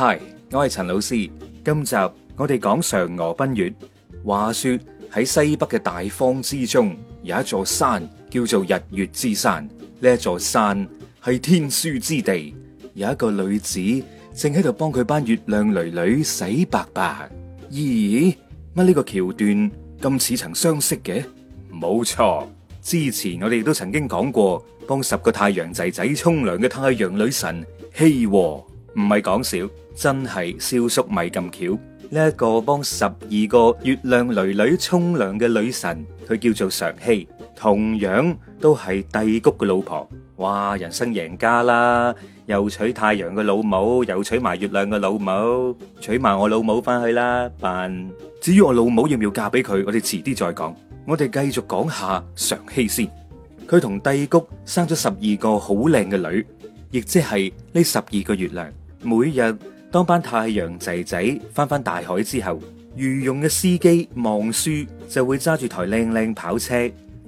嗨，Hi, 我係陳老師。今集我哋講嫦娥奔月。話說喺西北嘅大荒之中，有一座山叫做日月之山。呢一座山係天書之地，有一個女子正喺度幫佢班月亮女女洗白白。咦，乜呢個橋段咁似曾相識嘅？冇錯，之前我哋都曾經講過，幫十個太陽仔仔沖涼嘅太陽女神羲和。唔係講笑，真係蕭叔咪咁巧。呢一個幫十二個月亮囡囡沖涼嘅女神，佢叫做常羲，同樣都係帝谷嘅老婆。哇，人生贏家啦！又娶太陽嘅老母，又娶埋月亮嘅老母，娶埋我老母返去啦。笨，至於我老母要唔要嫁俾佢，我哋遲啲再講。我哋繼續講下常羲先。佢同帝谷生咗十二個好靚嘅女，亦即係呢十二個月亮。每日當班太陽仔仔翻返大海之後，御用嘅司機望舒就會揸住台靚靚跑車，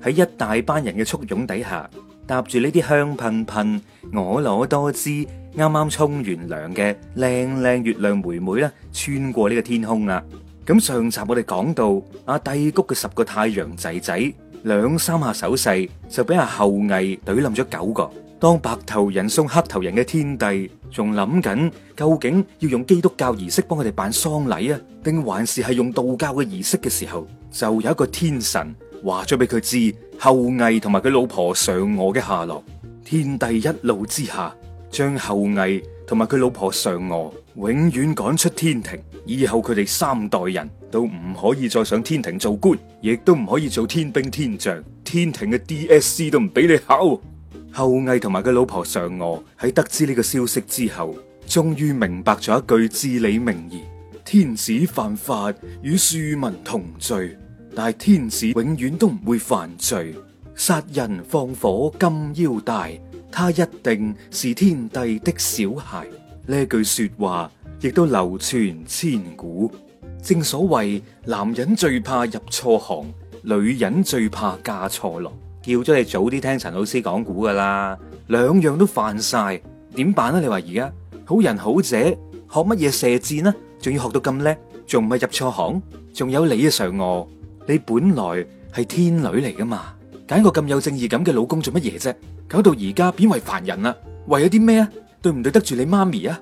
喺一大班人嘅簇擁底下，搭住呢啲香噴噴、我攞多支啱啱沖完涼嘅靚靚月亮妹妹啦，穿過呢個天空啦。咁上集我哋講到阿帝谷嘅十個太陽仔仔，兩三下手勢就俾阿后羿懟冧咗九個，當白頭人送黑頭人嘅天帝。仲諗緊究竟要用基督教儀式幫佢哋辦喪禮啊，定還是係用道教嘅儀式嘅時候，就有一個天神話咗俾佢知后羿同埋佢老婆嫦娥嘅下落。天帝一怒之下，將后羿同埋佢老婆嫦娥永遠趕出天庭，以後佢哋三代人都唔可以再上天庭做官，亦都唔可以做天兵天將，天庭嘅 DSC 都唔俾你考。后羿同埋佢老婆嫦娥喺得知呢個消息之後，終於明白咗一句至理名言：天子犯法與庶民同罪。但係天子永遠都唔會犯罪，殺人放火金腰帶，他一定是天帝的小孩。呢句說話亦都流傳千古。正所謂男人最怕入錯行，女人最怕嫁錯郎。叫咗你早啲聽陳老師講古噶啦，兩樣都犯晒，點辦啊？你話而家好人好者學乜嘢射箭呢？仲要學到咁叻，仲唔係入錯行？仲有你啊嫦娥，你本來係天女嚟噶嘛，揀個咁有正義感嘅老公做乜嘢啫？搞到而家變為凡人啦，為咗啲咩啊？對唔對得住你媽咪啊？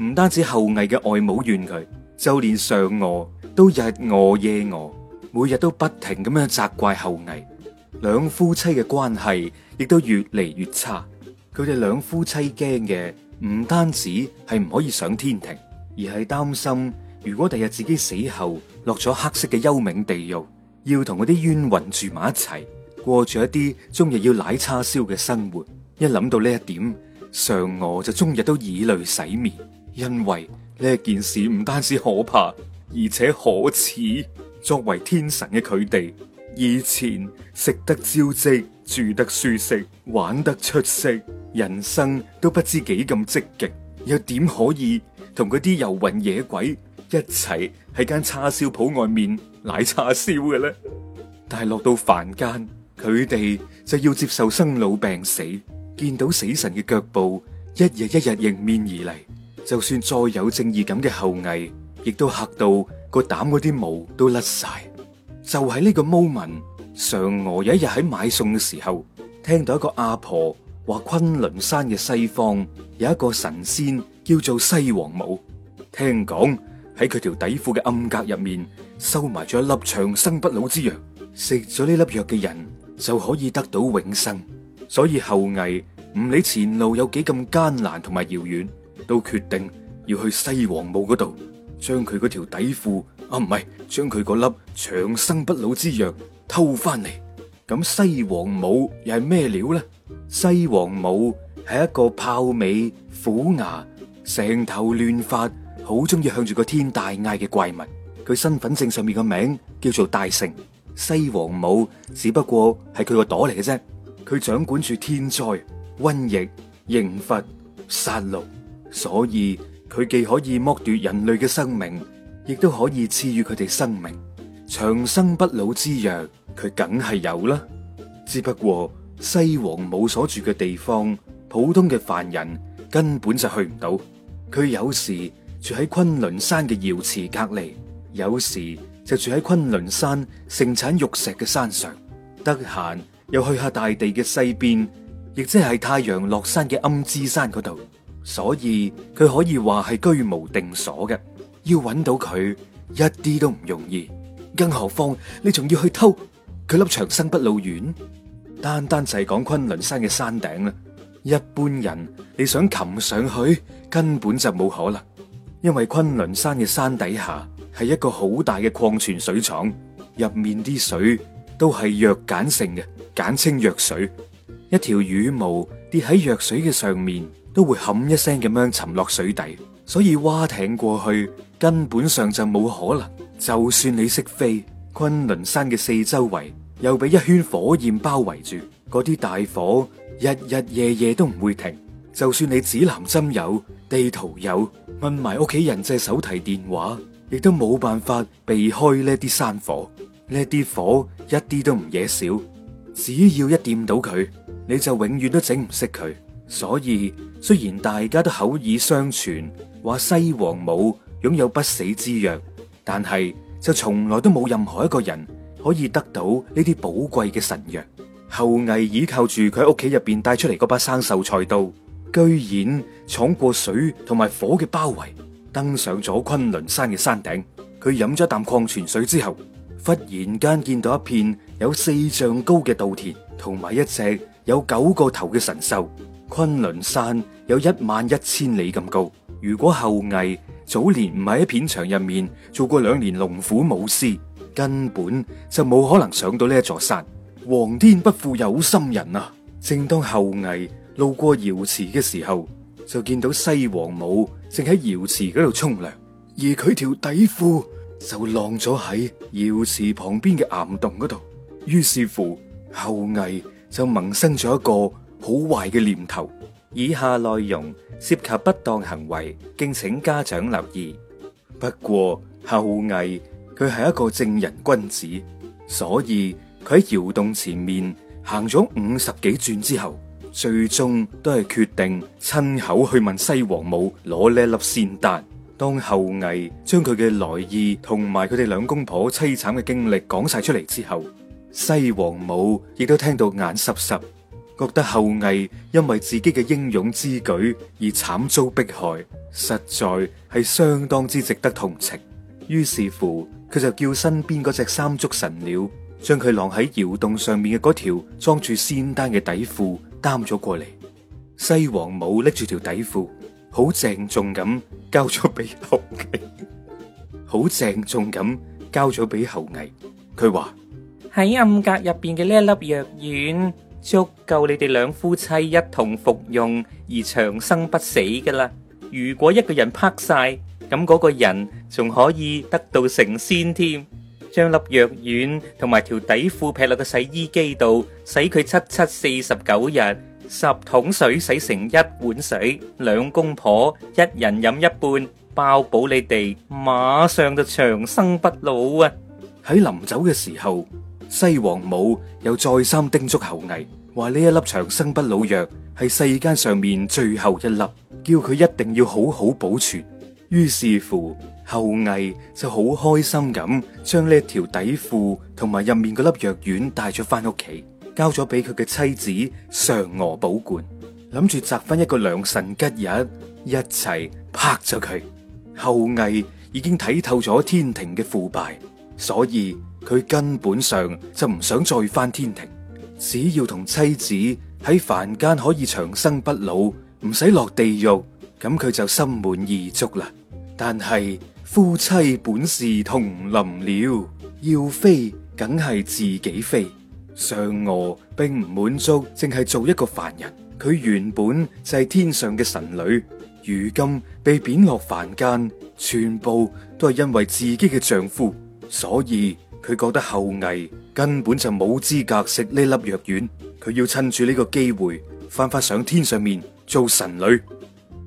唔單止后羿嘅外母怨佢，就連嫦娥都日餓夜餓，每日都不停咁樣責怪后羿。兩夫妻嘅關係亦都越嚟越差，佢哋兩夫妻驚嘅唔單止係唔可以上天庭，而係擔心如果第日自己死後落咗黑色嘅幽冥地獄，要同嗰啲冤魂住埋一齊，過住一啲終日要奶叉燒嘅生活。一諗到呢一點，嫦娥就終日都以淚洗面，因為呢件事唔單止可怕，而且可恥。作為天神嘅佢哋。以前食得招積，住得舒適，玩得出息，人生都不知幾咁積極，又點可以同嗰啲遊魂野鬼一齊喺間叉燒鋪外面奶叉燒嘅咧？但係落到凡間，佢哋就要接受生老病死，見到死神嘅腳步一日一日迎面而嚟，就算再有正義感嘅后羿亦都嚇到個膽嗰啲毛都甩晒。就喺呢個 moment，嫦娥有一日喺買餸嘅時候，聽到一個阿婆話昆崙山嘅西方有一個神仙叫做西王母，聽講喺佢條底褲嘅暗格入面收埋咗一粒長生不老之藥，食咗呢粒藥嘅人就可以得到永生。所以後羿唔理前路有幾咁艱難同埋遙遠，都決定要去西王母嗰度，將佢嗰條底褲。啊，唔係，將佢個粒長生不老之藥偷翻嚟。咁西王母又係咩料呢？西王母係一個豹尾虎牙、成頭亂髮、好中意向住個天大嗌嘅怪物。佢身份證上面個名叫做大聖。西王母只不過係佢個朵嚟嘅啫。佢掌管住天災、瘟疫、刑罰、殺戮，所以佢既可以剝奪人類嘅生命。亦都可以賜予佢哋生命、長生不老之藥，佢梗係有啦。只不過西王母所住嘅地方，普通嘅凡人根本就去唔到。佢有時住喺崑崙山嘅瑤池隔離，有時就住喺崑崙山盛產玉石嘅山上。得閒又去下大地嘅西邊，亦即係太陽落山嘅陰之山嗰度。所以佢可以話係居無定所嘅。要揾到佢一啲都唔容易，更何況你仲要去偷佢粒長生不老丸？單單就係講昆侖山嘅山頂啦，一般人你想擒上去根本就冇可能，因為昆侖山嘅山底下係一個好大嘅礦泉水廠，入面啲水都係弱鹼性嘅，簡稱弱水。一條羽毛跌喺弱水嘅上面都會冚一聲咁樣沉落水底，所以蛙艇過去。根本上就冇可能。就算你識飛，崑崙山嘅四周圍又俾一圈火焰包圍住，嗰啲大火日日夜夜都唔會停。就算你指南針有，地圖有，問埋屋企人借手提電話，亦都冇辦法避開呢啲山火。呢啲火一啲都唔惹笑，只要一掂到佢，你就永遠都整唔熄佢。所以雖然大家都口耳相傳，話西王母。擁有不死之藥，但係就從來都冇任何一個人可以得到呢啲寶貴嘅神藥。后羿依靠住佢喺屋企入邊帶出嚟嗰把生鏽菜刀，居然闖過水同埋火嘅包圍，登上咗昆崙山嘅山頂。佢飲咗一啖礦泉水之後，忽然間見到一片有四丈高嘅稻田，同埋一隻有九個頭嘅神獸。昆崙山有一萬一千里咁高，如果后羿，早年唔係喺片場入面做過兩年龍虎武師，根本就冇可能上到呢一座山。皇天不負有心人啊！正當后羿路過瑤池嘅時候，就見到西王母正喺瑤池嗰度沖涼，而佢條底褲就晾咗喺瑤池旁邊嘅岩洞嗰度。於是乎，后羿就萌生咗一個好壞嘅念頭。以下內容涉及不當行為，敬請家長留意。不過後羿佢係一個正人君子，所以佢喺搖動前面行咗五十幾轉之後，最終都係決定親口去問西王母攞呢粒仙丹。當後羿將佢嘅來意同埋佢哋兩公婆凄慘嘅經歷講晒出嚟之後，西王母亦都聽到眼濕濕。覺得後羿因為自己嘅英勇之舉而慘遭迫害，實在係相當之值得同情。於是乎，佢就叫身邊嗰隻三足神鳥將佢晾喺窯洞上面嘅嗰條裝住仙丹嘅底褲擔咗過嚟。西王母拎住條底褲，好鄭重咁交咗俾後羿，好 鄭重咁交咗俾後羿。佢話喺暗格入邊嘅呢一粒藥丸。足夠你哋兩夫妻一同服用而長生不死㗎喇！如果一個人拍晒，咁嗰個人仲可以得到成仙添。將粒藥丸同埋條底褲劈落個洗衣機度，洗佢七七四十九日，十桶水洗成一碗水，兩公婆一人飲一半，包保你哋馬上就長生不老啊！喺臨走嘅時候。西王母又再三叮囑后羿，話呢一粒長生不老藥係世間上面最後一粒，叫佢一定要好好保存。於是乎，后羿就好開心咁，將呢一條底褲同埋入面嗰粒藥丸帶咗翻屋企，交咗俾佢嘅妻子嫦娥保管，諗住摘翻一個良辰吉日一齊拍咗佢。后羿已經睇透咗天庭嘅腐敗，所以。佢根本上就唔想再返天庭，只要同妻子喺凡間可以長生不老，唔使落地獄，咁佢就心滿意足啦。但係夫妻本是同林鳥，要飛梗係自己飛。嫦娥並唔滿足，淨係做一個凡人。佢原本就係天上嘅神女，如今被貶落凡間，全部都係因為自己嘅丈夫，所以。佢覺得後羿根本就冇資格食呢粒藥丸，佢要趁住呢個機會翻返上天上面做神女。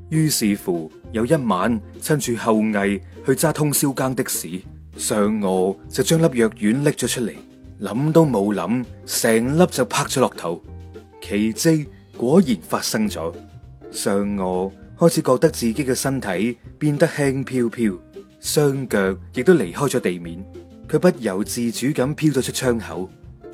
於是乎，有一晚趁住後羿去揸通宵更的士，嫦娥就將粒藥丸拎咗出嚟，諗都冇諗，成粒就啪咗落頭。奇蹟果然發生咗，嫦娥開始覺得自己嘅身體變得輕飄飄，雙腳亦都離開咗地面。佢不由自主咁飄咗出窗口，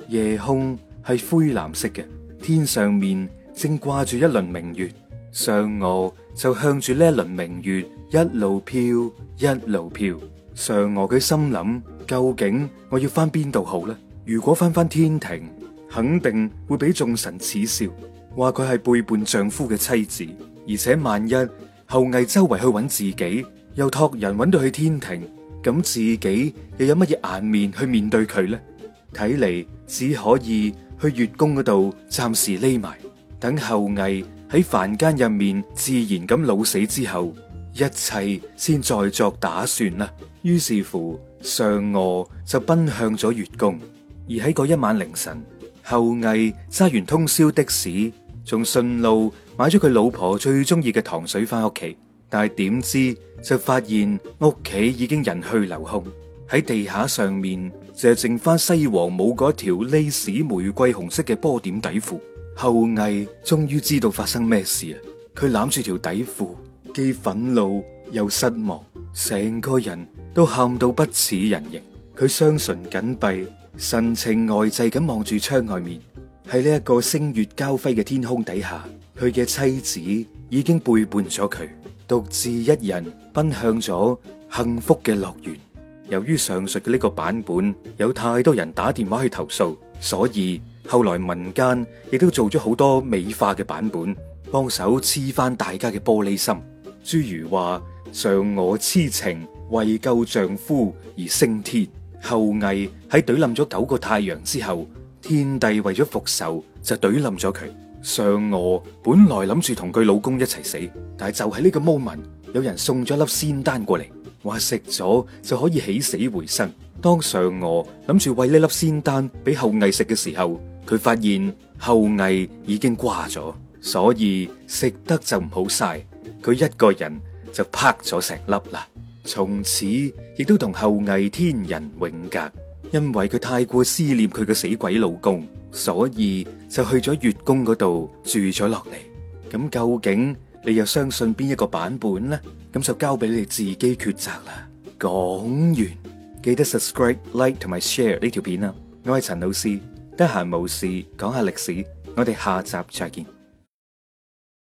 夜空係灰藍色嘅，天上面正掛住一輪明月，嫦娥就向住呢一輪明月一路飄一路飄。嫦娥嘅心諗：究竟我要翻邊度好呢？如果翻翻天庭，肯定會俾眾神恥笑，話佢係背叛丈夫嘅妻子，而且萬一后羿周圍去揾自己，又託人揾到去天庭。咁自己又有乜嘢顏面去面對佢呢？睇嚟只可以去月宮嗰度暫時匿埋，等后羿喺凡間入面自然咁老死之後，一切先再作打算啦。於是乎，嫦娥就奔向咗月宮。而喺嗰一晚凌晨，后羿揸完通宵的士，仲順路買咗佢老婆最中意嘅糖水翻屋企。但係點知就發現屋企已經人去樓空，喺地下上面就剩翻西王母嗰條 lace 玫瑰紅色嘅波點底褲。后羿終於知道發生咩事啊！佢攬住條底褲，既憤怒又失望，成個人都喊到不似人形。佢雙唇緊閉，神情呆滯咁望住窗外面。喺呢一個星月交輝嘅天空底下，佢嘅妻子已經背叛咗佢。獨自一人奔向咗幸福嘅樂園。由於上述嘅呢個版本有太多人打電話去投訴，所以後來民間亦都做咗好多美化嘅版本，幫手黐翻大家嘅玻璃心。諸如話嫦娥痴情為救丈夫而升天，后羿喺懟冧咗九個太陽之後，天帝為咗復仇就懟冧咗佢。嫦娥本來諗住同佢老公一齊死，但係就喺呢個 moment，有人送咗粒仙丹過嚟，話食咗就可以起死回生。當嫦娥諗住餵呢粒仙丹俾后羿食嘅時候，佢發現后羿已經掛咗，所以食得就唔好晒，佢一個人就啪咗成粒啦。從此亦都同后羿天人永隔。因為佢太過思念佢嘅死鬼老公，所以就去咗月宮嗰度住咗落嚟。咁究竟你又相信邊一個版本呢？咁就交俾你哋自己抉擇啦。講完記得 subscribe、like 同埋 share 呢條片啦。我係陳老師，得閒無事講下歷史，我哋下集再見。